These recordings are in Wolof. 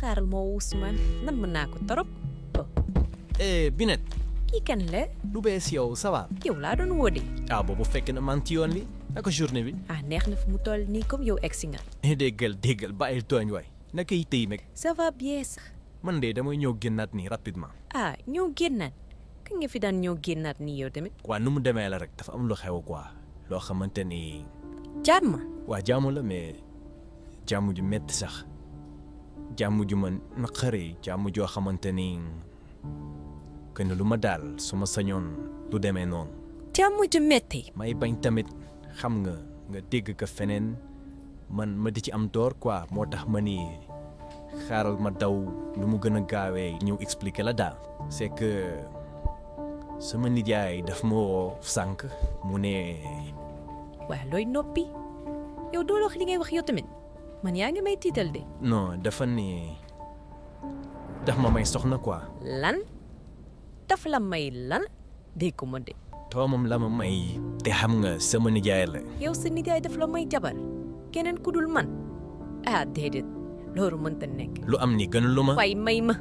xaaral moo wuusuma namm naa ko torop eh Binet kii kan la lu bees yow ça va yow laa doon woo de ah boobu fekk na man ci yoon wi naka journée bi ah neex na fi mu toll nii comme yow egsi nga eh, déggal déggal bàyyil tooñ waay naka yi tey meg ça va sax man de damay ñëw génnaat nii rapidement ah ñëw génnaat kañ nga fi daan ñëw génnaat nii yow tamit waaw nu mu demee la rek dafa am lu xew quoi loo xamante ni jàmm waa jàmm la mais jàmm ju metti sax jàmm ju ma naqari jàmm joo xamante ni que lu ma daal su ma sañoon du demee noonu jàmm ju metti may bañ tamit xam nga nga dégg ko feneen man ma di ci am door quoi moo tax ma ni xaaral ma daw lu mu gën a gaawee ñëw expliquer la daal c'est que sama nijaay daf ma woo sànq mu ne waaw looy noppi yow doo wax li ngay wax yow tamit man yaa ngi may tiital de. noo dafa ni daf ma may soxna quoi. lan daf la may lan dégg ma de. doomam la ma may te xam nga sama nijaay la. yow sa nijaay daf la may jabar keneen ku dul man ah déedéet loolu mënta nekk. lu am ni gën lu ma. waaye may ma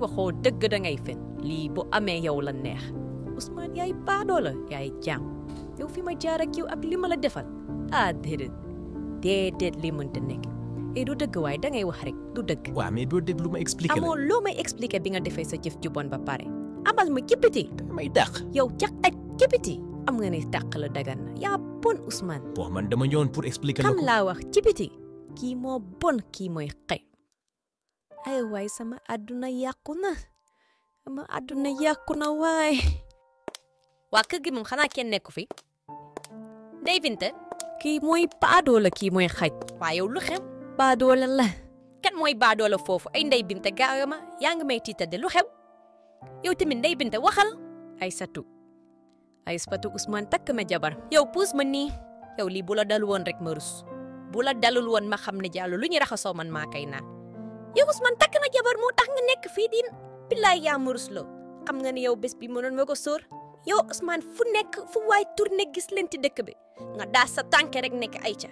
waxoo dëgg da fen lii bu amee yow la neex Ousmane yaay baadoo la yaay jaam. لو في مجارك يو أقلم للدفن أدهرد ديدد لي منتنك idu deug way da ngay wax rek du deug wa mais do deg luma expliquer amo luma expliquer bi nga defé sa jëf ju bon ba paré amal ma kipiti may dakh yow ak kipiti am nga ni tak la dagan ya bon ousmane bo man dama ñoon pour expliquer kam la wax ci biti ki mo bon ki moy xey ay way sama aduna yakuna sama aduna yakuna way waa kër gi moom xanaa kenn nekku fi ndey Binta kii mooy baadoola kii mooy xaj waa yow lu xew baadoola la kan mooy baadoola foofu ay ndey Binta gaarama yaa ngi may tiita di lu xew yow tamit day Binta waxal ay satu ay satu Ousmane takk ma jabar yow puus ma nii yow lii bu la dal woon rek ma rus bu la dalul woon ma xam ne jàllu lu ñu raxasoo man maa kay naan yow Ousmane takk na jabar moo tax nekk fii di billaay yaa ma rus loo xam nga ne yow bés bi mënoon ma ko yow Ousmane fu nekk fu waay tourné gis leen ci dëkk bi nga daa sa tànke rek nekk ay ca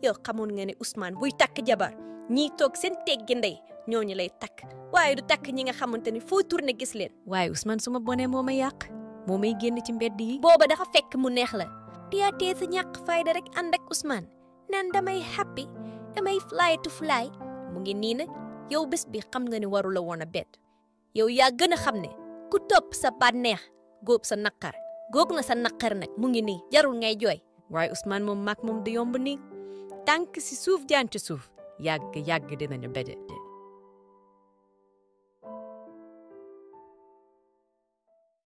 yow xamoon nga ne usmaan buy takk jabar ñiy toog seen teggi ndey ñooñu lay takk waaye du takk ñi nga xamante ni foo tourné gis leen. waaye Ousmane su ma bone moo may yàq moo may génn ci mbedd yi. booba dafa fekk mu neex la. tiyaatee sa ñàkk fayda rek ànd ak Ousmane naan damay happy damay fly to fly mu ngi nii nag yow bés bi xam nga ne warula la woon a bett yow yaa gën a xam ne ku sa bànneex góob sa naqar góob nga sa naqar nag mu ngi nii jarul ngay jooy waaye usman moom mag moom di yomb ni tànk si suuf jaan ci suuf yàgg yàgg dinañu béje